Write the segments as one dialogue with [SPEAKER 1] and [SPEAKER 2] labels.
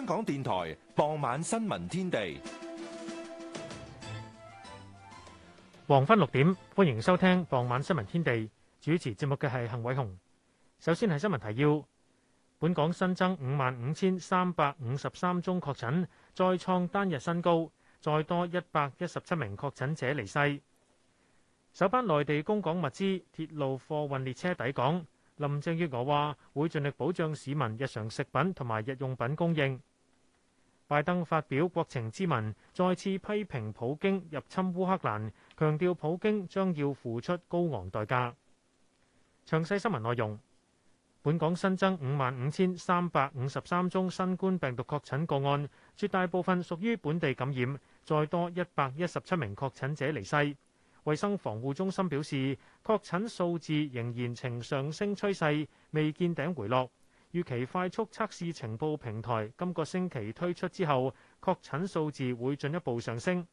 [SPEAKER 1] 香港電台傍晚新聞天地，
[SPEAKER 2] 黃昏六點歡迎收聽傍晚新聞天地。主持節目嘅係幸偉雄。首先係新聞提要：本港新增五萬五千三百五十三宗確診，再創單日新高，再多一百一十七名確診者離世。首班內地供港物資鐵路貨運列車抵港，林鄭月娥話會盡力保障市民日常食品同埋日用品供應。拜登發表國情咨文，再次批評普京入侵烏克蘭，強調普京將要付出高昂代價。詳細新聞內容：本港新增五萬五千三百五十三宗新冠病毒確診個案，絕大部分屬於本地感染，再多一百一十七名確診者離世。衛生防護中心表示，確診數字仍然呈上升趨勢，未見頂回落。預期快速測試情報平台今個星期推出之後，確診數字會進一步上升。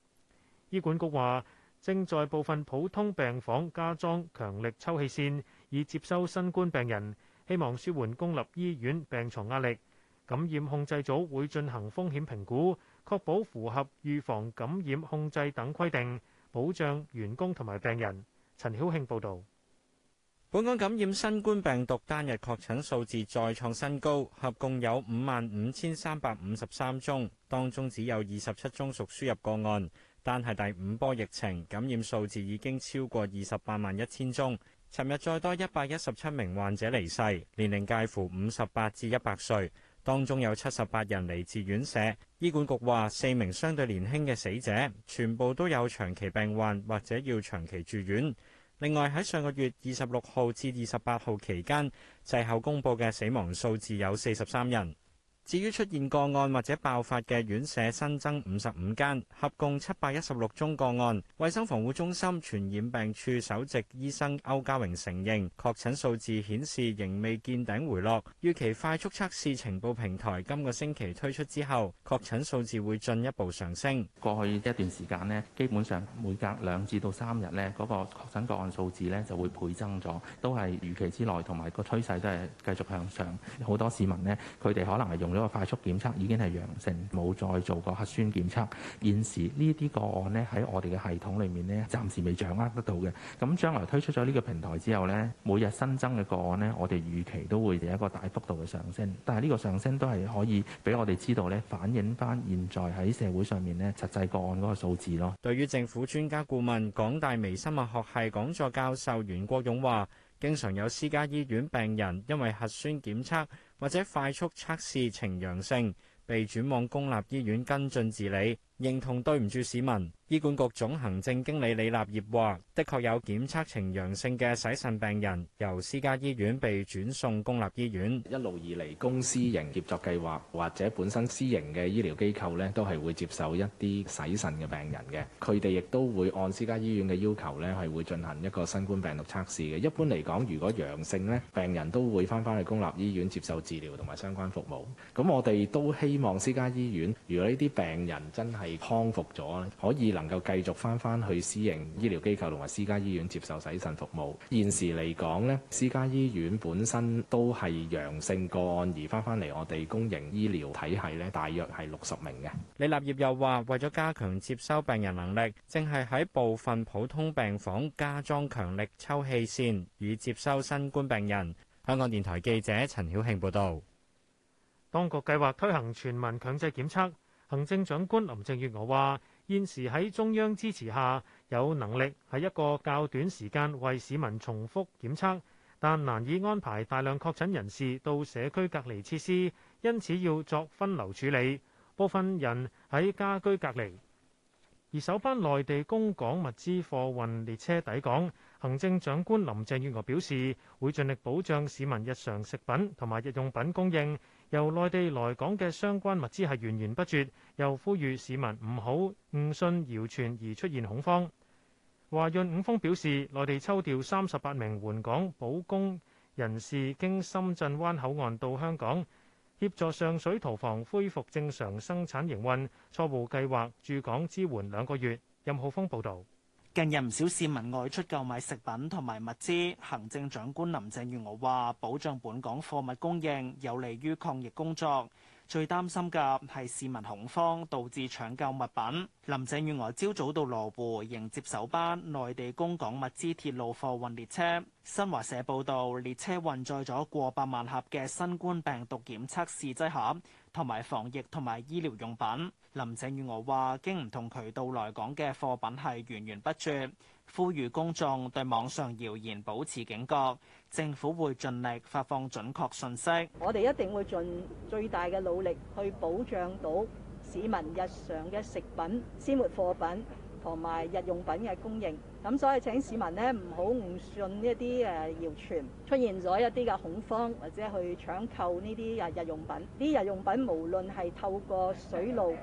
[SPEAKER 2] 醫管局話正在部分普通病房加裝強力抽氣扇，以接收新冠病人，希望舒緩公立醫院病床壓力。感染控制組會進行風險評估，確保符合預防感染控制等規定，保障
[SPEAKER 3] 員工同埋病人。陳曉慶報導。本港感染新冠病毒單日確診數字再創新高，合共有五萬五千三百五十三宗，當中只有二十七宗屬輸入個案。但係第五波疫情感染數字已經超過二十八萬一千宗。尋日再多一百一十七名患者離世，年齡介乎五十八至一百歲，當中有七十八人嚟自院舍。醫管局話，四名相對年輕嘅死者全部都有長期病患或者要長期住院。另外喺上個月二十六號至二十八號期間，滯後公佈嘅死亡數字有四十三人。至於出現個案或者爆發嘅院舍新增五十五間，合共七百一十六宗個案。衛生防護中心傳染病處首席醫生歐家榮承認，確診數字顯示仍未見頂回落。預期快速測試情報平台今個星期推出之後，確診數字會進一步上升。過去一段時間呢，基本上每隔兩至到三日呢，嗰個確診個案數字呢就會倍增咗，都係預期之內，同埋個趨勢都係繼續向上。好多市民呢，佢哋可能係用。嗰個快速檢測已經係陽性，冇再做過核酸檢測。現時呢啲個案呢，喺我哋嘅系統裏面呢，暫時未掌握得到嘅。咁將來推出咗呢個平台之後呢，每日新增嘅個案呢，我哋預期都會有一個大幅度嘅上升。但係呢個上升都係可以俾我哋知道呢，反映翻現在喺社會上面呢，實際個案嗰個數字咯。對於政府專家顧問、港大微生物學系講座教授袁國勇話，經常有私家醫院病人因為核酸檢測。或者快速測試呈陽性，被轉往公立醫院跟進治理。認同對唔住市民，醫管局總行政經理李立業話，的確有檢測呈陽性嘅洗腎病人由私家醫院被
[SPEAKER 4] 轉送公立醫院。一路以嚟，公私營協作計劃或者本身私營嘅醫療機構呢，都係會接受一啲洗腎嘅病人嘅。佢哋亦都會按私家醫院嘅要求呢，係會進行一個新冠病毒測試嘅。一般嚟講，如果陽性呢，病人都會翻翻去公立醫院接受治療同埋相關服務。咁我哋都希望私家醫院，如果呢啲病人真係，被康復咗可以能夠繼續翻翻去私營醫療機構同埋私家醫院接受洗腎服務。現時嚟講呢，私家醫院本身都係陽性個案，而翻翻嚟我哋公營醫療體系呢，大約係六十名嘅。李
[SPEAKER 3] 立業又話：為咗加強接收病人能力，正係喺部分普通病房加裝強力抽氣扇，以接收新冠病人。香港電台記者陳曉慶報道。
[SPEAKER 2] 當局計劃推行全民強制檢測。行政長官林鄭月娥話：現時喺中央支持下，有能力喺一個較短時間為市民重複檢測，但難以安排大量確診人士到社區隔離設施，因此要作分流處理，部分人喺家居隔離。而首班內地供港物資貨運列車抵港，行政長官林鄭月娥表示，會盡力保障市民日常食品同埋日用品供應。由內地來港嘅相關物資係源源不絕，又呼籲市民唔好誤信謠傳而出現恐慌。華潤五豐表示，內地抽調三十八名援港保供人士經深圳灣口岸到香港，協助上水屠房恢復正常生產營運。初步計劃駐港支援兩個月。任浩峰報導。
[SPEAKER 5] 近日唔少市民外出購買食品同埋物資。行政長官林鄭月娥話，保障本港貨物供應有利於抗疫工作。最擔心嘅係市民恐慌，導致搶購物品。林鄭月娥朝早到羅湖迎接首班內地供港物資鐵路貨運列車。新華社報道，列車運載咗過百萬盒嘅新冠病毒檢測試劑盒。同埋防疫同埋醫療用品，林鄭月娥話經唔同渠道來港嘅貨品係源源不絕，呼籲公眾對網上謠言保持警覺，政府會盡力發放準確信息。
[SPEAKER 6] 我哋一定會盡最大嘅努力去保障到市民日常嘅食品鮮活貨品，同埋日用品嘅供應，咁所以請市民呢唔好誤信一啲誒謠傳，出現咗一啲嘅恐慌或者去搶購呢啲日日用品。啲日用品無論係透過水路、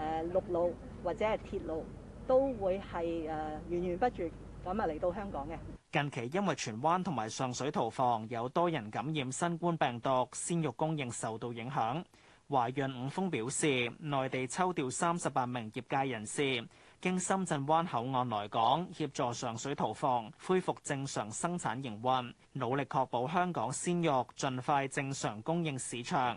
[SPEAKER 6] 誒陸路或者係鐵路，都會係誒源源不絕咁啊嚟到香港嘅。
[SPEAKER 5] 近期因為荃灣同埋上水屠房有多人感染新冠病毒，鮮肉供應受到影響。華潤五豐表示，內地抽調三十八名業界人士。經深圳灣口岸來港協助上水屠房恢復正常生產營運，努力確保香港鮮肉盡快正常供應市場。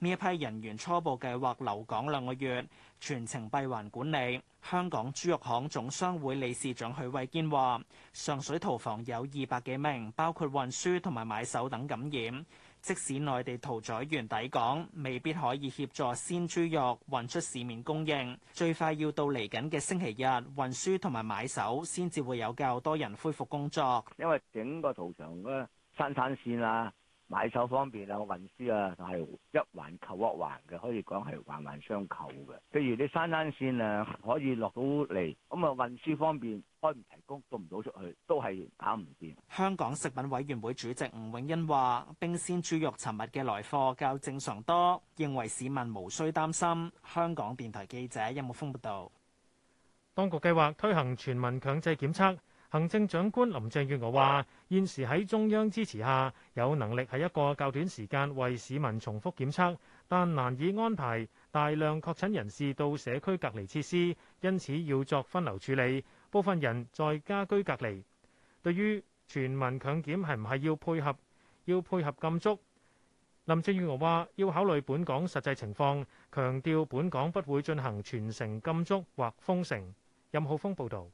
[SPEAKER 5] 呢一批人員初步計劃留港兩個月，全程閉環管理。香港豬肉行總商會理事長許慧堅話，上水屠房有二百幾名，包括運輸同埋買手等感染。即使內地屠宰員抵港，未必可以協助鮮豬肉運出市面供應。最快要到嚟緊嘅星期日，運輸同埋買手先至會有較多人恢復工作。因為整個屠場嘅生產線啊。
[SPEAKER 7] 買手方面啊，運輸啊，係一環扣一環嘅，可以講係環環相扣嘅。譬如你生產線啊，可以落到嚟，咁啊，運輸方面，開唔齊工，出唔到出去，都係搞唔
[SPEAKER 5] 掂。香港食品委員會主席吳永恩話，冰鮮豬肉尋日嘅來貨較正常多，認為市民無需擔心。
[SPEAKER 2] 香港電台記者任木峯報導。當局計劃推行全民強制檢測。行政長官林鄭月娥話：現時喺中央支持下，有能力喺一個較短時間為市民重複檢測，但難以安排大量確診人士到社區隔離設施，因此要作分流處理，部分人在家居隔離。對於全民強檢係唔係要配合，要配合禁足？林鄭月娥話：要考慮本港實際情況，強調本港不會進行全城禁足或封城。任浩峰報導。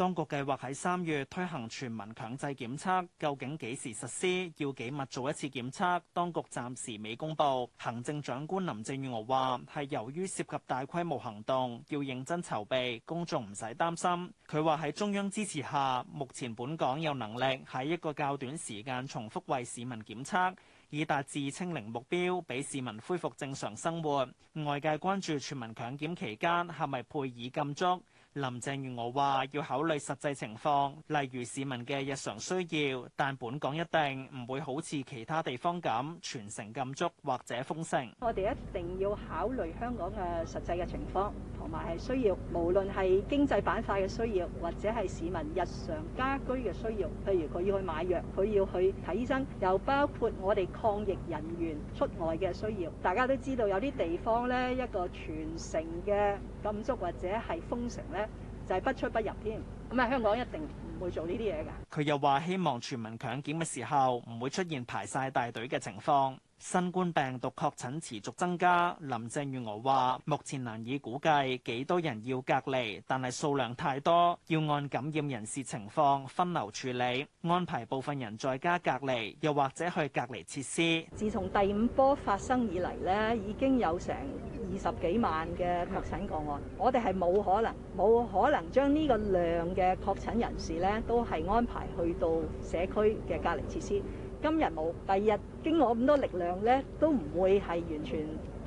[SPEAKER 2] 當局計
[SPEAKER 5] 劃喺三月推行全民強制檢測，究竟幾時實施、要幾密做一次檢測？當局暫時未公佈。行政長官林鄭月娥話，係由於涉及大規模行動，要認真籌備，公眾唔使擔心。佢話喺中央支持下，目前本港有能力喺一個較短時間重複為市民檢測，以達至清零目標，俾市民恢復正常生活。外界關注全民強檢期間係咪配以禁足？林鄭月娥話,要考慮實際情況,例如市民嘅日常需要,但本港一定,唔會好似其他地方咁全城禁足,或者封城。
[SPEAKER 6] 我哋一定要考慮香港嘅實際嘅情況,同埋係需要,無論係經濟板塊嘅需要,或者係市民日常家居嘅需要,譬如,佢要去買藥,佢要去睇醫生,又包括我哋抗疫人員出外嘅需要。大家都知道有啲地方呢,一個全城嘅,禁足或者係封城咧，就係、是、不出不入添。咁、嗯、啊，香港一定唔會做呢啲嘢噶。
[SPEAKER 5] 佢又話希望全民強檢嘅時候，唔會出現排晒大隊嘅情況。新冠病毒確診持續增加，林鄭月娥話目前難以估計幾多人要隔離，但係數量太多，要按感染人士情況分流處理，安排部分人在家隔離，又或者去隔離設施。
[SPEAKER 6] 自從第五波發生以嚟咧，已經有成二十幾萬嘅確診個案，我哋係冇可能冇可能將呢個量嘅確診人士咧，都係安排去到社區嘅隔離設施。今日冇，第二日經過咁多力量咧，都唔會，係完全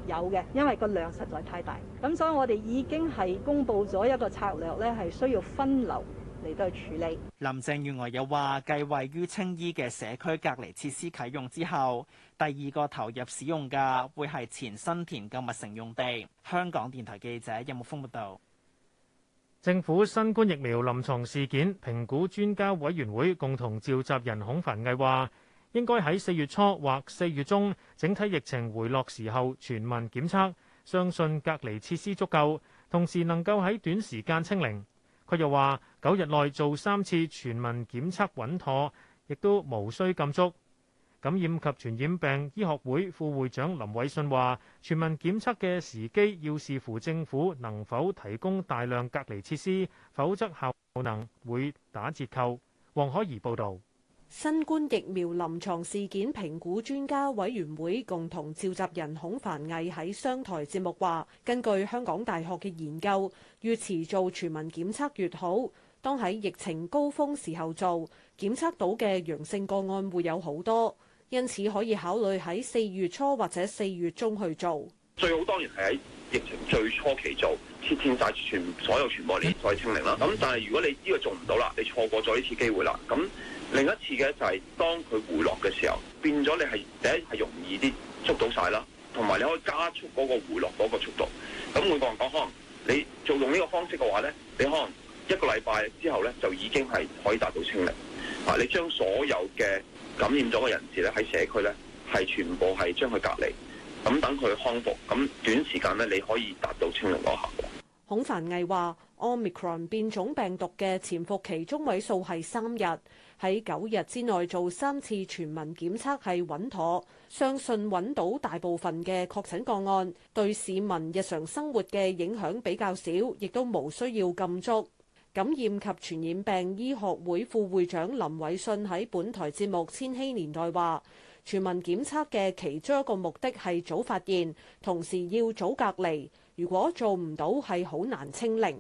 [SPEAKER 6] 有嘅，因為個量實在太大。咁所以我哋已經，係公布咗一個策略咧，係需要分流嚟到處
[SPEAKER 5] 理。林鄭月娥又話，繼位於青衣嘅社區隔離設施啟用之後，第二個投入使用噶會，係前新田購物城用地。香港電台記者任木豐報道。
[SPEAKER 2] 政府新冠疫苗臨床試驗評估專家委員會共同召集人孔繁毅話，應該喺四月初或四月中，整體疫情回落時候全民檢測，相信隔離設施足夠，同時能夠喺短時間清零。佢又話：九日內做三次全民檢測穩妥，亦都無需禁足。感染及傳染病醫學會副會長林偉信話：全民檢測嘅時機要視乎政府能否提供大量隔離設施，否則效能會打折扣。黃可怡報導。
[SPEAKER 8] 新冠疫苗臨牀事件評估專家委員會共同召集人孔繁毅喺商台節目話，根據香港大學嘅研究，越遲做全民檢測越好。當喺疫情高峰時候做，檢測到嘅陽性個案會有好多，因此可以考慮喺四月初或者四月中去做。
[SPEAKER 1] 最好當然係喺疫情最
[SPEAKER 7] 初期做，切斷曬全所有傳播鏈再清零啦。咁但係，如果你呢個做唔到啦，你錯過咗呢次機會啦。咁另一次嘅就係當佢回落嘅時候，變咗你係第一係容易啲捉到晒啦，同埋你可以加速嗰個回落嗰個速度。咁每個人講可能你做用呢個方式嘅話咧，你可能一個禮拜之後咧就已經係可以達到清零。啊，你將所有嘅感染咗嘅人士咧喺社區咧係全部係將佢隔離，咁等佢康復，咁短時間咧你可以達
[SPEAKER 9] 到清零嘅效
[SPEAKER 8] 果。孔凡毅話。奧米克戎變種病毒嘅潛伏期中位數係三日，喺九日之內做三次全民檢測係穩妥，相信揾到大部分嘅確診個案，對市民日常生活嘅影響比較少，亦都無需要禁足。感染及傳染病醫學會副會長林偉信喺本台節目《千禧年代》話：全民檢測嘅其中一個目的係早發現，同時要早隔離。如果做唔到係好難清零。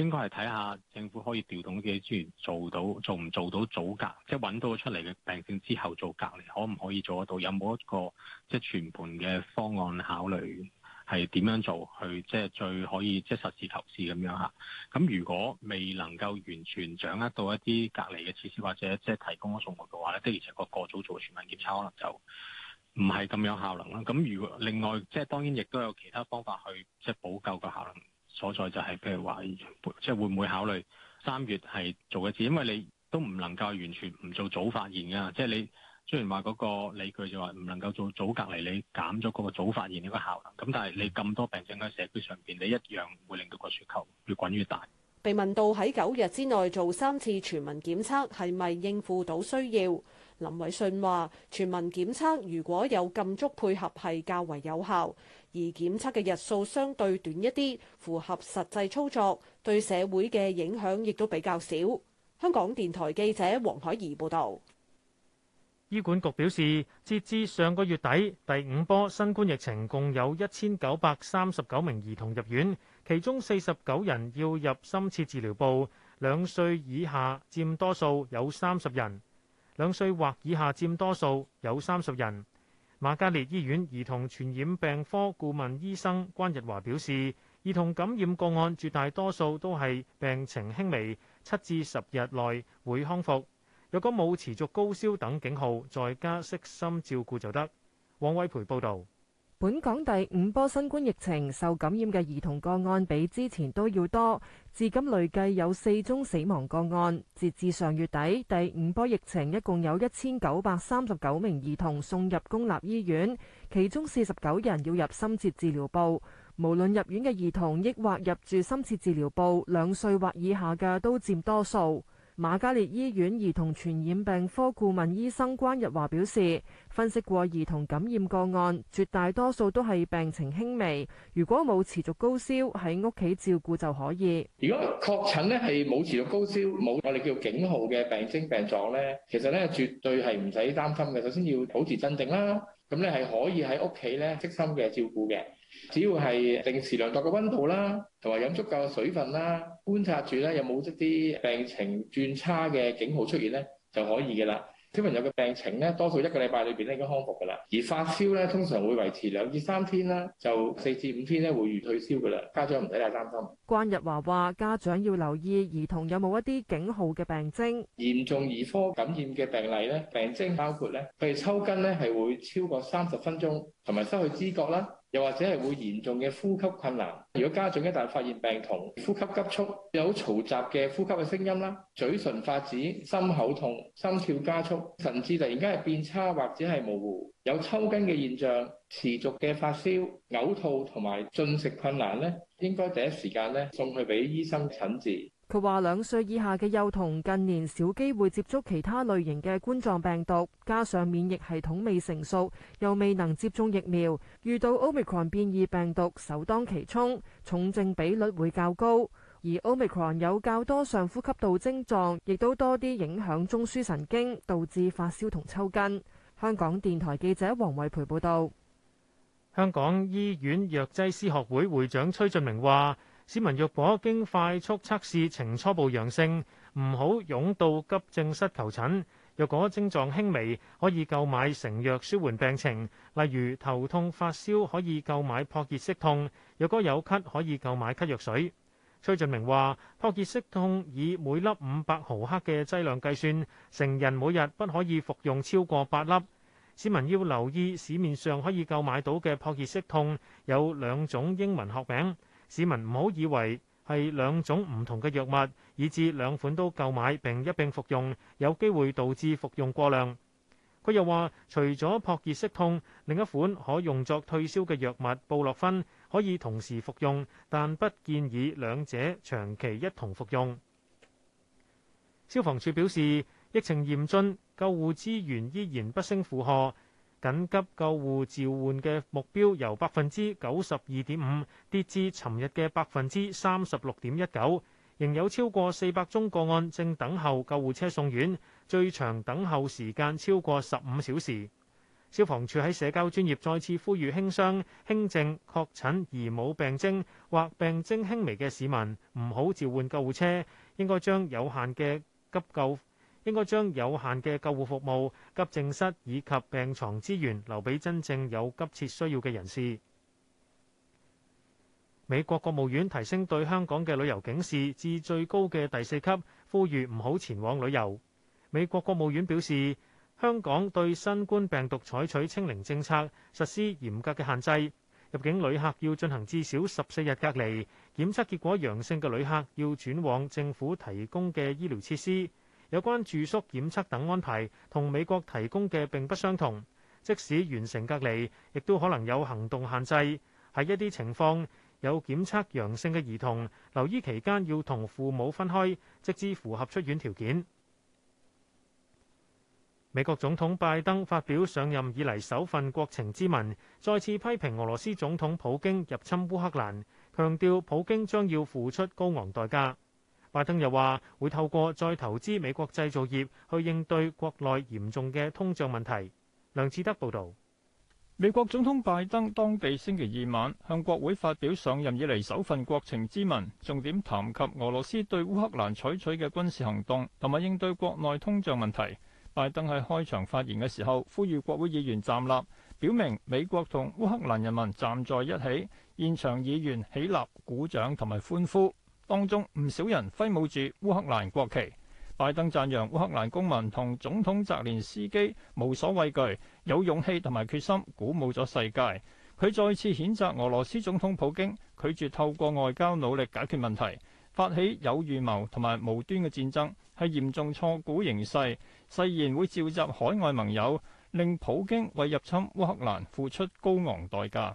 [SPEAKER 7] 應該係睇下政府可以調動啲資源做到做唔做到阻隔，即係揾到出嚟嘅病症之後做隔離，可唔可以做得到？有冇一個即係全盤嘅方案考慮係點樣做？去即係最可以即係實事求是咁樣吓。咁如果未能夠完全掌握到一啲隔離嘅設施，或者即係提供咗數目嘅話咧，即係其實個過早做全民檢測可能就唔係咁有效能啦。咁如果另外即係當然亦都有其他方法去即係補救個效能。所在就係譬如話，即係會唔會考慮三月係做一次？因為你都唔能夠完全唔做早發現㗎，即係你雖然話嗰個理據就話唔能夠做早隔離，你減咗嗰個早發現呢個效能。咁但係你咁多病症喺社區上邊，你一樣會令到個雪球越滾越大。
[SPEAKER 8] 被問到喺九日之內做三次全民檢測，係咪應付到需要，林偉信話：全民檢測如果有禁足配合，係較為有效。而檢測嘅日數相對短一啲，符合實際操作，對社會嘅影響亦都比較少。香港電台記者黃海怡報導。
[SPEAKER 2] 醫管局表示，截至上個月底，第五波新冠疫情共有一千九百三十九名兒童入院，其中四十九人要入深切治療部，兩歲以下佔多數，有三十人；兩歲或以下佔多數，有三十人。瑪嘉烈醫院兒童傳染病科顧問醫生關日華表示，兒童感染個案絕大多數都係病情輕微，七至十日內會康復。若果冇持續高燒等警號，在家悉心照顧就得。王偉培報導。
[SPEAKER 10] 本港第五波新冠疫情受感染嘅兒童個案比之前都要多，至今累計有四宗死亡個案。截至上月底，第五波疫情一共有一千九百三十九名兒童送入公立醫院，其中四十九人要入深切治療部。無論入院嘅兒童，抑或入住深切治療部，兩歲或以下嘅都佔多數。瑪嘉烈醫院兒童傳染病科顧問醫生關日華表示，分析過兒童感染個案，絕大多數都係病情輕微，如果冇持續高燒喺屋企照顧就可以。如
[SPEAKER 4] 果確診咧係冇持續高燒，冇我哋叫警號嘅病徵病狀咧，其實咧絕對係唔使擔心嘅。首先要保持鎮定啦，咁咧係可以喺屋企咧悉心嘅照顧嘅。只要係定時量度嘅溫度啦，同埋飲足夠嘅水分啦，觀察住咧有冇一啲病情轉差嘅警號出現咧，就可以嘅啦。小朋友嘅病情咧，多數一個禮拜裏邊咧已經康復嘅啦。而發燒咧，通常會維持兩至三天啦，就四至五天咧會遇退燒嘅啦。家長唔使太擔心。
[SPEAKER 10] 關日華話：家長要留意兒童有冇一啲警號嘅病
[SPEAKER 4] 徵。嚴重兒科感染嘅病例咧，病徵包括咧，譬如抽筋咧係會超過三十分鐘，同埋失去知覺啦。又或者係會嚴重嘅呼吸困難，如果家長一旦發現病童呼吸急促、有嘈雜嘅呼吸嘅聲音啦、嘴唇發紫、心口痛、心跳加速，甚至突然間係變差或者係模糊、有抽筋嘅現象、持續嘅發燒、嘔吐同埋進食困難咧，應該第一時間咧送去俾醫生診治。
[SPEAKER 10] 佢話：兩歲以下嘅幼童近年少機會接觸其他類型嘅冠狀病毒，加上免疫系統未成熟，又未能接種疫苗，遇到 Omicron 變異病毒首當其衝，重症比率會較高。而 Omicron 有較多上呼吸道症狀，亦都多啲影響中樞神經，導致發燒同抽筋。香港電台記者黃惠培報導。
[SPEAKER 2] 香港醫院藥劑師學會會會長崔俊明話。市民若果經快速測試呈初步陽性，唔好湧到急症室求診。若果症狀輕微，可以購買成藥舒緩病情，例如頭痛、發燒可以購買撲熱息痛；若果有咳，可以購買咳藥水。崔俊明話：撲熱息痛以每粒五百毫克嘅劑量計算，成人每日不可以服用超過八粒。市民要留意市面上可以購買到嘅撲熱息痛有兩種英文學名。市民唔好以為係兩種唔同嘅藥物，以致兩款都購買並一並服用，有機會導致服用過量。佢又話，除咗撲熱息痛，另一款可用作退燒嘅藥物布洛芬可以同時服用，但不建議兩者長期一同服用。消防處表示，疫情嚴峻，救護資源依然不勝負荷。緊急救護召喚嘅目標由百分之九十二點五跌至尋日嘅百分之三十六點一九，仍有超過四百宗個案正等候救護車送院，最長等候時間超過十五小時。消防處喺社交專頁再次呼籲輕傷、輕症、確診而冇病徵或病徵輕微嘅市民唔好召喚救護車，應該將有限嘅急救。應該將有限嘅救護服務、急症室以及病床資源留俾真正有急切需要嘅人士。美國國務院提升對香港嘅旅遊警示至最高嘅第四級，呼籲唔好前往旅遊。美國國務院表示，香港對新冠病毒採取清零政策，實施嚴格嘅限制。入境旅客要進行至少十四日隔離，檢測結果陽性嘅旅客要轉往政府提供嘅醫療設施。有關住宿、檢測等安排，同美國提供嘅並不相同。即使完成隔離，亦都可能有行動限制。喺一啲情況，有檢測陽性嘅兒童留醫期間要同父母分開，直至符合出院條件。美國總統拜登發表上任以嚟首份國情咨文，再次批評俄羅斯總統普京入侵烏克蘭，強調普京將要付出高昂代價。拜登又話會透過再投資美國製造業去應對國內嚴重嘅通脹問題。梁志德報導，
[SPEAKER 1] 美國總統拜登當地星期二晚向國會發表上任以嚟首份國情咨文，重點談及俄羅斯對烏克蘭採取嘅軍事行動同埋應對國內通脹問題。拜登喺開場發言嘅時候，呼籲國會議員站立，表明美國同烏克蘭人民站在一起。現場議員起立鼓掌同埋歡呼。當中唔少人揮舞住烏克蘭國旗，拜登讚揚烏克蘭公民同總統澤連斯基無所畏懼、有勇氣同埋決心，鼓舞咗世界。佢再次譴責俄羅斯總統普京拒絕透過外交努力解決問題，發起有預謀同埋無端嘅戰爭，係嚴重錯估形勢，誓言會召集海外盟友，令普京為入侵烏克蘭付出高昂代
[SPEAKER 4] 價。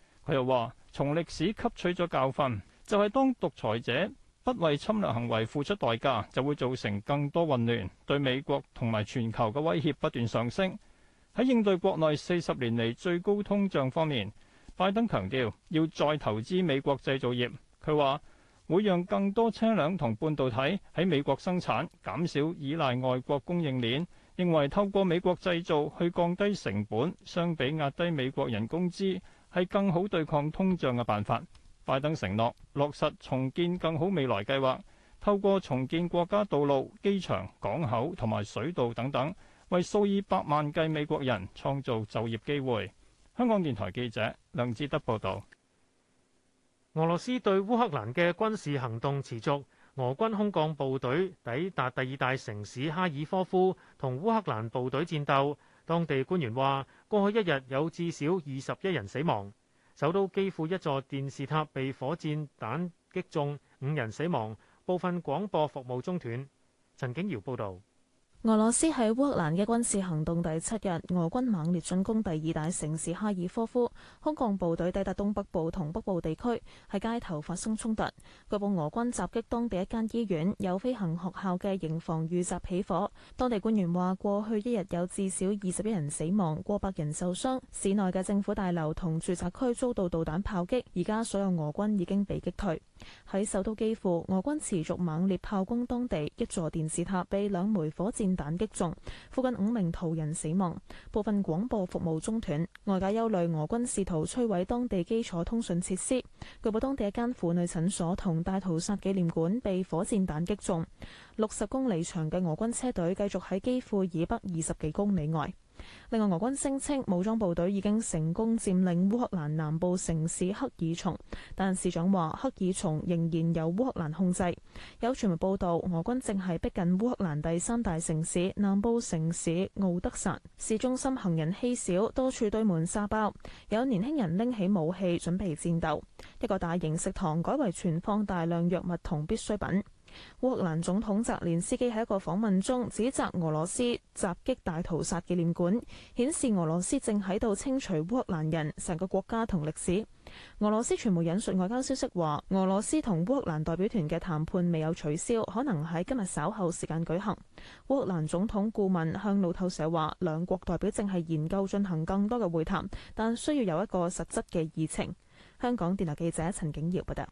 [SPEAKER 1] 佢又話：從歷史吸取咗教訓，就係當獨裁者不為侵略行為付出代價，就會造成更多混亂，對美國同埋全球嘅威脅不斷上升。喺應對國內四十年嚟最高通脹方面，拜登強調要再投資美國製造業。佢話會讓更多車輛同半導體喺美國生產，減少依賴外國供應鏈。認為透過美國製造去降低成本，相比壓低美國人工資，係更好對抗通脹嘅辦法。拜登承諾落實重建更好未來計劃，透過重建國家道路、機場、港口同埋水道等等，為數以百萬計美國人創造就業機會。香港電台記者梁志德報道，
[SPEAKER 2] 俄羅斯對烏克蘭嘅軍事行動持續，俄軍空降部隊抵達第二大城市哈爾科夫，同烏克蘭部隊戰鬥。當地官員話：過去一日有至少二十一人死亡，首都基輔一座電視塔被火箭彈擊中，五人死亡，部分廣播服務中斷。陳景堯報導。
[SPEAKER 11] 俄羅斯喺烏克蘭嘅軍事行動第七日，俄軍猛烈進攻第二大城市哈爾科夫，空降部隊抵達東北部同北部地區，喺街頭發生衝突。據報俄軍襲擊當地一間醫院，有飛行學校嘅營房遇襲起火。當地官員話，過去一日有至少二十一人死亡，過百人受傷。市內嘅政府大樓同住宅區遭到導彈炮擊，而家所有俄軍已經被擊退。喺首都基輔，俄軍持續猛烈炮轟當地，一座電視塔被兩枚火箭。彈擊中，附近五名途人死亡，部分廣播服務中斷，外界憂慮俄軍試圖摧毀當地基礎通訊設施。據報，當地一間婦女診所同大屠殺紀念館被火箭彈擊中。六十公里長嘅俄軍車隊繼續喺基輔以北二十幾公里外。另外，俄軍聲稱武裝部隊已經成功佔領烏克蘭南部城市克爾松。但市長話克爾松仍然由烏克蘭控制。有傳媒報導，俄軍正係逼近烏克蘭第三大城市南部城市敖德薩，市中心行人稀少，多處堆滿沙包，有年輕人拎起武器準備戰鬥。一個大型食堂改為存放大量藥物同必需品。烏克蘭總統澤連斯基喺一個訪問中指責俄羅斯襲擊大屠殺紀念館，顯示俄羅斯正喺度清除烏克蘭人成個國家同歷史。俄羅斯傳媒引述外交消息話，俄羅斯同烏克蘭代表團嘅談判未有取消，可能喺今日稍後時間舉行。烏克蘭總統顧問向路透社話，兩國代表正係研究進行更多嘅會談，但需要有一個實質嘅議程。香港電台記者陳景瑤報道。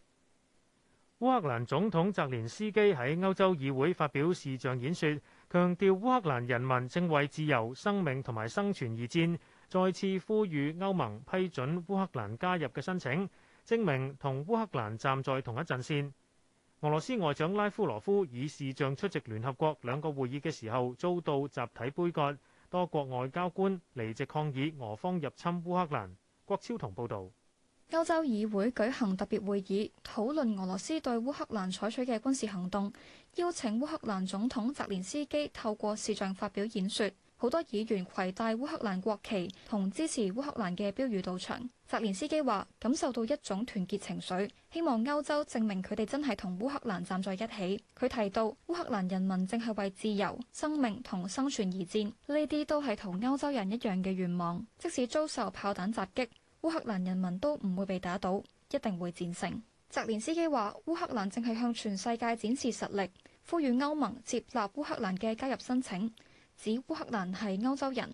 [SPEAKER 2] 烏克蘭總統澤連斯基喺歐洲議會發表視像演說，強調烏克蘭人民正為自由、生命同埋生存而戰，再次呼籲歐盟批准烏克蘭加入嘅申請，證明同烏克蘭站在同一陣線。俄羅斯外長拉夫羅夫以視像出席聯合國兩個會議嘅時候，遭到集體杯葛，多國外交官離席抗議俄方入侵烏克蘭。郭超同報道。
[SPEAKER 9] 歐洲議會舉行特別會議，討論俄羅斯對烏克蘭採取嘅軍事行動，邀請烏克蘭總統澤連斯基透過視像發表演說。好多議員攜帶烏克蘭國旗同支持烏克蘭嘅標語到場。澤連斯基話感受到一種團結情緒，希望歐洲證明佢哋真係同烏克蘭站在一起。佢提到烏克蘭人民正係為自由、生命同生存而戰，呢啲都係同歐洲人一樣嘅願望，即使遭受炮彈襲擊，烏克蘭人民都唔會被打倒，一定會戰勝。澤連斯基話，烏克蘭正係向全世界展示實力，呼籲歐盟接納烏克蘭嘅加入申請，指烏克蘭係歐洲人，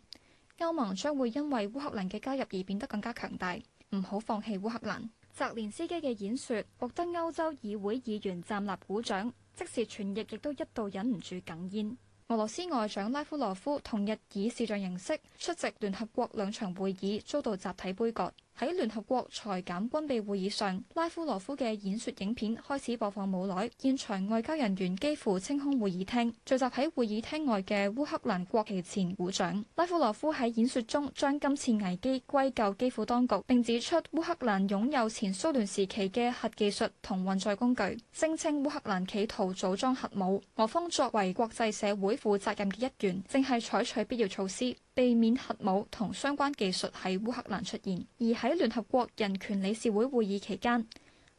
[SPEAKER 9] 歐盟將會因為烏克蘭嘅加入而變得更加強大。唔好放棄烏克蘭。澤連斯基嘅演說獲得歐洲議會議員站立鼓掌，即時全譯亦都一度忍唔住哽咽。俄羅斯外長拉夫羅夫同日以視像形式出席聯合國兩場會議，遭到集體杯葛。喺聯合國裁減軍備會議上，拉夫羅夫嘅演説影片開始播放冇耐，現場外交人員幾乎清空會議廳，聚集喺會議廳外嘅烏克蘭國旗前鼓掌。拉夫羅夫喺演説中將今次危機歸咎基輔當局，並指出烏克蘭擁有前蘇聯時期嘅核技術同運載工具，聲稱烏克蘭企圖組裝核武。俄方作為國際社會負責任嘅一員，正係採取必要措施，避免核武同相關技術喺烏克蘭出現，而喺聯合國人權理事會會議期間，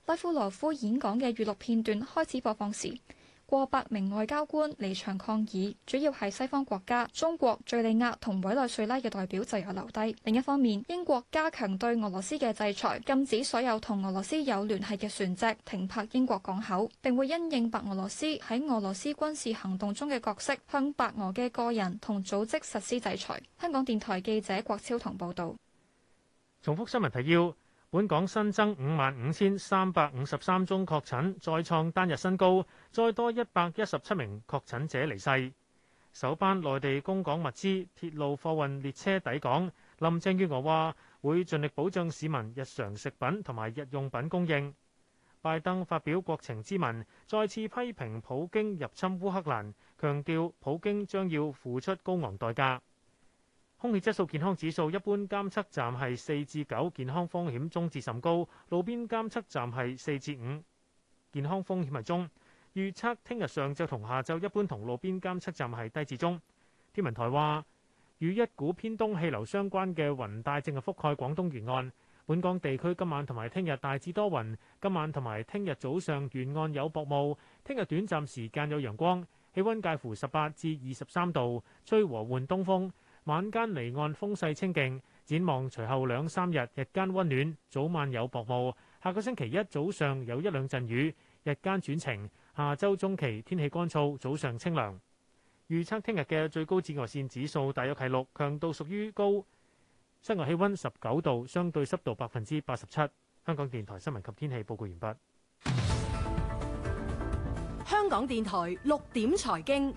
[SPEAKER 9] 拉夫羅夫演講嘅預錄片段開始播放時，過百名外交官離場抗議，主要係西方國家。中國、敍利亞同委內瑞拉嘅代表就有留低。另一方面，英國加強對俄羅斯嘅制裁，禁止所有同俄羅斯有聯繫嘅船隻停泊英國港口，並會因應白俄羅斯喺俄羅斯軍事行動中嘅角色，向白俄嘅個人同組織實施制裁。香港電台記者郭超同報道。
[SPEAKER 2] 重複新聞提要。本港新增五萬五千三百五十三宗確診，再創單日新高，再多一百一十七名確診者離世。首班內地供港物資鐵路貨運列車抵港。林鄭月娥話：會盡力保障市民日常食品同埋日用品供應。拜登發表國情咨文，再次批評普京入侵烏克蘭，強調普京將要付出高昂代價。空氣質素健康指數一般監測站係四至九，健康風險中至甚高；路邊監測站係四至五，健康風險係中。預測聽日上晝同下晝一般同路邊監測站係低至中。天文台話，與一股偏東氣流相關嘅雲帶正係覆蓋廣東沿岸。本港地區今晚同埋聽日大致多雲。今晚同埋聽日早上沿岸有薄霧。聽日短暫時間有陽光，氣溫介乎十八至二十三度，吹和緩東風。晚間離岸風勢清勁，展望隨後兩三日日間溫暖，早晚有薄霧。下個星期一早上有一兩陣雨，日間轉晴。下周中期天氣乾燥，早上清涼。預測聽日嘅最高紫外線指數大約係六，強度屬於高。室外氣溫十九度，相對濕度百分之八十七。香港電台新聞及天氣報告完畢。
[SPEAKER 6] 香港電台六點財經。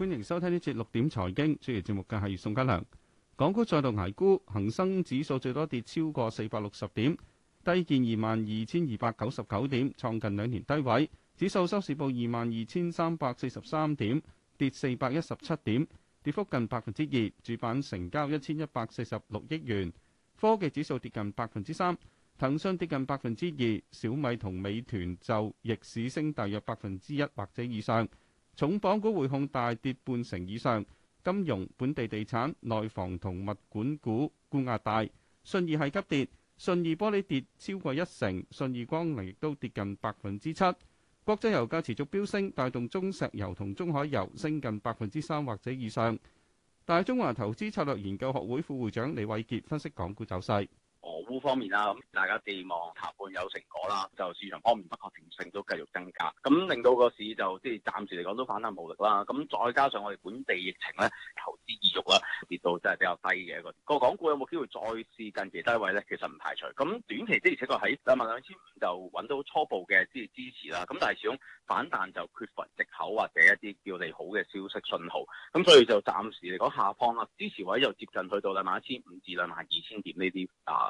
[SPEAKER 12] 歡迎收聽呢節六點財經，主持節目嘅係宋家良。港股再度挨沽，恒生指數最多跌超過四百六十點，低見二萬二千二百九十九點，創近兩年低位。指數收市報二萬二千三百四十三點，跌四百一十七點，跌幅近百分之二。主板成交一千一百四十六億元。科技指數跌近百分之三，騰訊跌近百分之二，小米同美團就逆市升大約百分之一或者以上。重磅股匯控大跌半成以上，金融、本地、地產、內房同物管股沽壓大，信義系急跌，信義玻璃跌超過一成，信義光能亦都跌近百分之七。國際油價持續飆升，帶動中石油同中海油升近百分之三或者以上。大中華投資策略研究學會副會長李偉杰分析港股走勢。
[SPEAKER 7] 俄烏方面啦，咁大家寄望談判有成果啦，就市場方面不確定性都繼續增加，咁令到個市就即係暫時嚟講都反彈無力啦。咁再加上我哋本地疫情咧，投資意欲啊跌到真係比較低嘅一個。個港股有冇機會再試近期低位咧？其實唔排除。咁短期即係而且佢喺兩萬兩千五就揾到初步嘅即係支持啦。咁但係始終反彈就缺乏藉口或者一啲叫利好嘅消息信號。咁所以就暫時嚟講下方啊支持位又接近去到兩萬一千五至兩萬二千點呢啲啊。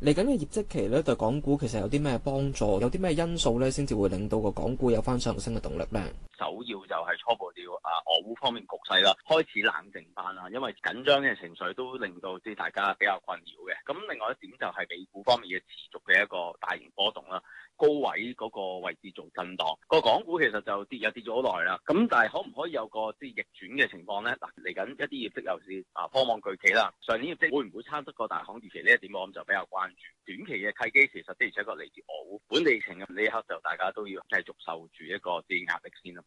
[SPEAKER 13] 嚟緊嘅業績期咧，對港股其實有啲咩幫助？有啲咩因素咧，先至會令到個港股有翻上升嘅動力咧？
[SPEAKER 7] 首要就係初步料啊俄烏方面局勢啦，開始冷靜翻啦，因為緊張嘅情緒都令到啲大家比較困擾嘅。咁另外一點就係美股方面嘅持續嘅一個大型波動啦，高位嗰個位置做震盪。個港股其實就跌又跌咗好耐啦，咁但係可唔可以有個啲逆轉嘅情況咧？嗱、啊，嚟緊一啲業績尤其是啊科網巨企啦、啊，上年業績會唔會差得過大行預期呢一點，我諗就比較關。短期嘅契機，其實的而且確嚟自澳本地情。呢一刻就大家都要繼續受住一個啲壓力先啦。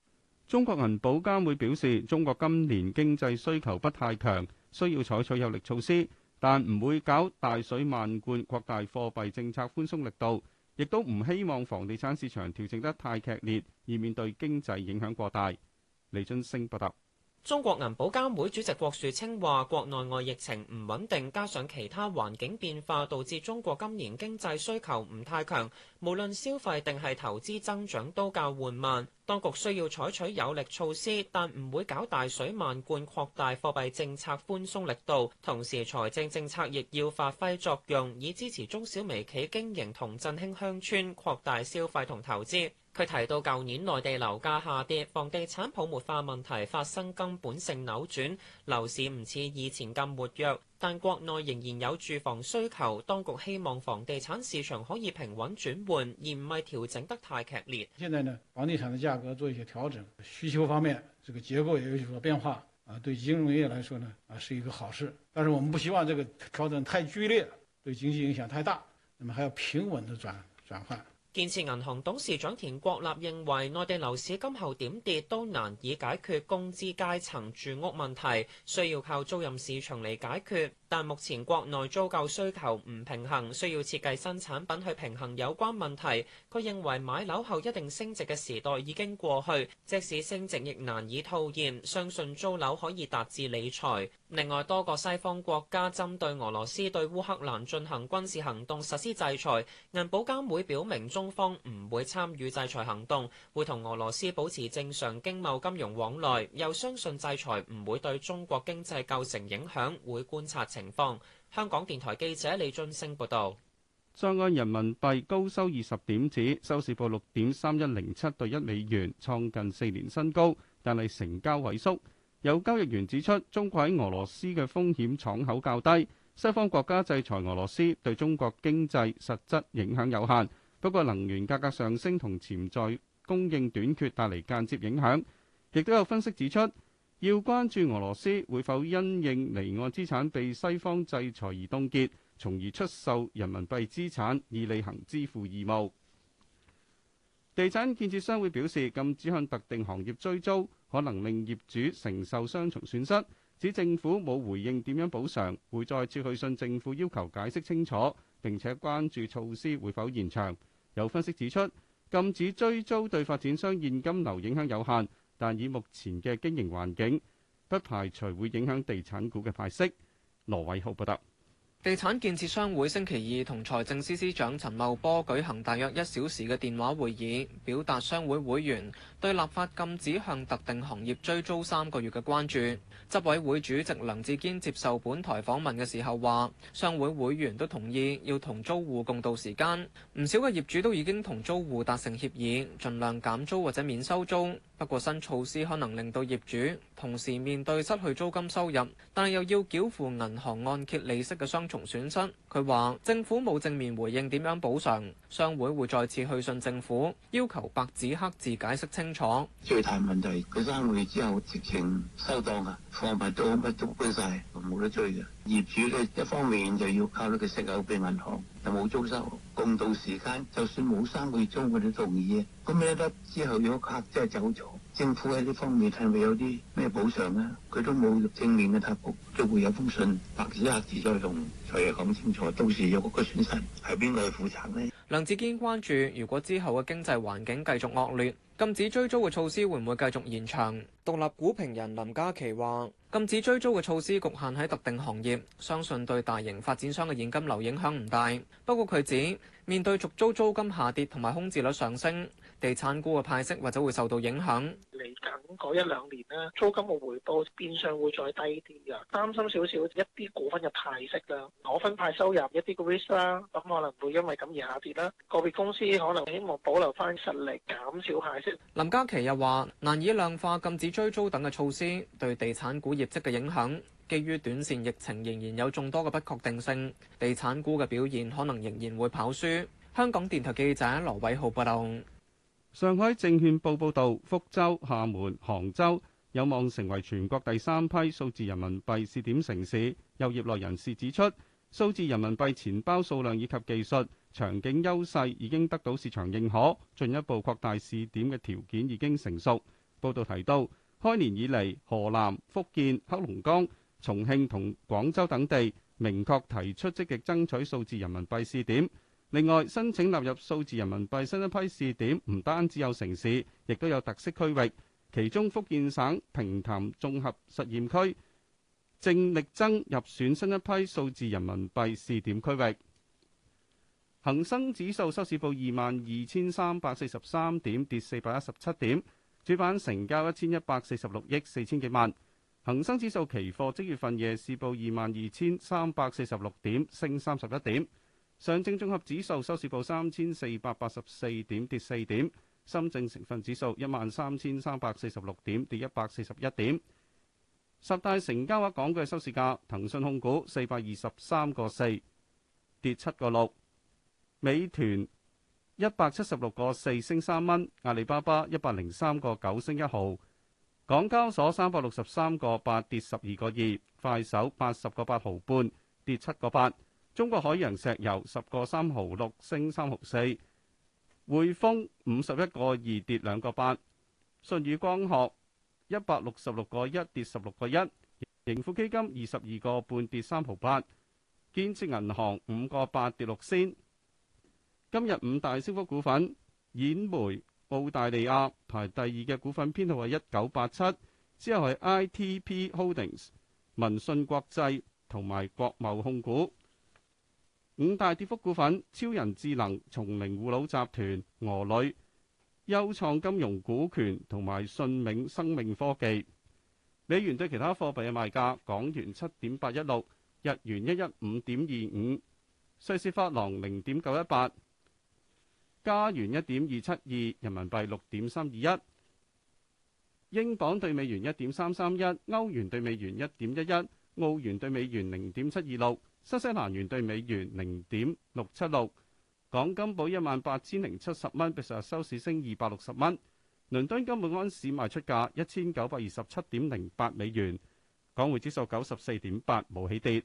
[SPEAKER 12] 中國銀保監會表示，中國今年經濟需求不太強，需要採取有力措施，但唔會搞大水漫灌，擴大貨幣政策寬鬆力度，亦都唔希望房地產市場調整得太劇烈，以免對經濟影響過大。李津升報道。
[SPEAKER 14] 中國銀保監會主席郭樹清話，國內外疫情唔穩定，加上其他環境變化，導致中國今年經濟需求唔太強，無論消費定係投資增長都較緩慢。當局需要採取有力措施，但唔會搞大水漫灌，擴大貨幣政策寬鬆力度。同時，財政政策亦要發揮作用，以支持中小微企經營同振興鄉村，擴大消費同投資。佢提到，舊年內地樓價下跌，房地產泡沫化問題發生根本性扭轉，樓市唔似以前咁活躍，但國內仍然有住房需求。當局希望房地產市場可以平穩轉換，而唔係調整得太劇烈。
[SPEAKER 1] 現在呢，房地產的價格做一些調整，需求方面這個結構也有所變化，啊，對金融業來說呢，啊是一個好事。但是我們不希望這個調整太劇烈，對經濟影響太大，那麼還要平穩地轉轉換。
[SPEAKER 14] 建設銀行董事長，田國立認為，內地樓市今後點跌都難以解決工資階層住屋問題，需要靠租賃市場嚟解決。但目前國內租購需求唔平衡，需要設計新產品去平衡有關問題。佢認為買樓後一定升值嘅時代已經過去，即使升值亦難以套現。相信租樓可以達至理財。另外，多個西方國家針對俄羅斯對烏克蘭進行軍事行動實施制裁，銀保監會表明中方唔會參與制裁行動，會同俄羅斯保持正常經貿金融往來。又相信制裁唔會對中國經濟構成影響，會觀察情。情況，香港電台記者李俊升報道。
[SPEAKER 12] 在岸人民幣高收二十點子，收市報六點三一零七兌一美元，創近四年新高，但係成交萎縮。有交易員指出，中國喺俄羅斯嘅風險敞口較低，西方國家制裁俄羅斯對中國經濟實質影響有限。不過，能源價格上升同潛在供應短缺帶嚟間接影響，亦都有分析指出。要關注俄羅斯會否因應離岸資產被西方制裁而凍結，從而出售人民幣資產，以履行支付義務。地產建設商會表示，禁止向特定行業追租，可能令業主承受雙重損失。指政府冇回應點樣補償，會再次去信政府要求解釋清楚。並且關注措施會否延長。有分析指出，禁止追租對發展商現金流影響有限。但以目前嘅經營環境，不排除會影響地產股嘅派息。羅偉浩報道，地產建設商會星期二同財政
[SPEAKER 13] 司司長陳茂波舉行大約一小時嘅電話會議，表達商會會員對立法禁止向特定行業追租三個月嘅關注。執委會主席梁志堅接受本台訪問嘅時候話，商會會員都同意要同租戶共度時間，唔少嘅業主都已經同租戶達成協議，盡量減租或者免收租。不過新措施可能令到業主同時面對失去租金收入，但係又要繳付銀行按揭利息嘅雙重損失。佢話政府冇正面回應，點樣補償？商會會再次去信政府，要求白紙黑字解釋清楚。
[SPEAKER 7] 最大問題就係佢開會之後直情收檔啊，放埋咗乜捉歸晒，冇得追嘅。業主咧，一方面就要靠到佢息口俾銀行，又冇租收，共度時間。就算冇三個月租，佢都同意嘅。咁你一得之後有客真係走咗，政府喺呢方面係咪有啲咩補償咧？佢都冇正面嘅答覆，都會有封信白紙黑字再用，再嚟講清楚。到時有個損失係邊
[SPEAKER 13] 個去負責呢？梁志堅關注，如果之後嘅經濟環境繼續惡劣，禁止追租嘅措施會唔會繼續延長？獨立股評人林嘉琪話：禁止追租嘅措施局限喺特定行業，相信對大型發展商嘅現金流影響唔大。不過佢指面對續租租金下跌同埋空置率上升，地產股嘅派息或者會受到影響。嚟
[SPEAKER 14] 緊嗰一兩年咧，租金嘅回報變相會再低啲噶，擔心少少一啲股份嘅派息啦，可分派收入一啲嘅 risk 啦，咁可能會因為咁而下跌啦。個別公司可能希望保留翻實力，減少派息。
[SPEAKER 13] 林嘉琪又話：難以量化禁止。追租等嘅措施對地產股業績嘅影響，基於短線疫情仍然有眾多嘅不確定性，地產股嘅表現可能仍然會跑輸。香港電台記者羅偉浩報道。
[SPEAKER 12] 上海證券報報道，福州、廈門、杭州有望成為全國第三批數字人民幣試點城市。有業內人士指出，數字人民幣錢包數量以及技術場景優勢已經得到市場認可，進一步擴大試點嘅條件已經成熟。報道提到，開年以嚟，河南、福建、黑龍江、重慶同廣州等地明確提出積極爭取數字人民幣試點。另外，申請納入數字人民幣新一批試點，唔單止有城市，亦都有特色區域。其中，福建省平潭綜合實驗區正力爭入選新一批數字人民幣試點區域。恒生指數收市報二萬二千三百四十三點，跌四百一十七點。主板成交一千一百四十六億四千幾萬，恒生指數期貨即月份夜市報二萬二千三百四十六點，升三十一點。上證綜合指數收市報三千四百八十四點，跌四點。深證成分指數一萬三千三百四十六點，跌一百四十一點。十大成交額港股嘅收市價，騰訊控股四百二十三個四，跌七個六。美團。一百七十六個四升三蚊，阿里巴巴一百零三個九升一毫，港交所三百六十三個八跌十二個二，快手八十個八毫半跌七個八，中國海洋石油十個三毫六升三毫四，匯豐五十一個二跌兩個八，舜宇光學一百六十六個一跌十六個一，盈富基金二十二個半跌三毫八，建設銀行五個八跌六仙。今日五大升幅股份，演煤澳大利亞排第二嘅股份編號係一九八七，之後係 ITP Holdings、民信國際同埋國貿控股。五大跌幅股份，超人智能、松齡護老集團、俄女優創金融股權同埋信銘生命科技。美元對其他貨幣嘅賣價，港元七點八一六，日元一一五點二五，瑞士法郎零點九一八。加元一點二七二，2, 人民幣六點三二一，英鎊對美元一點三三一，歐元對美元一點一一，澳元對美元零點七二六，新西蘭元對美元零點六七六。港金寶一萬八千零七十蚊，比上日收市升二百六十蚊。倫敦金每安士賣出價一千九百二十七點零八美元。港匯指數九十四點八，冇起跌。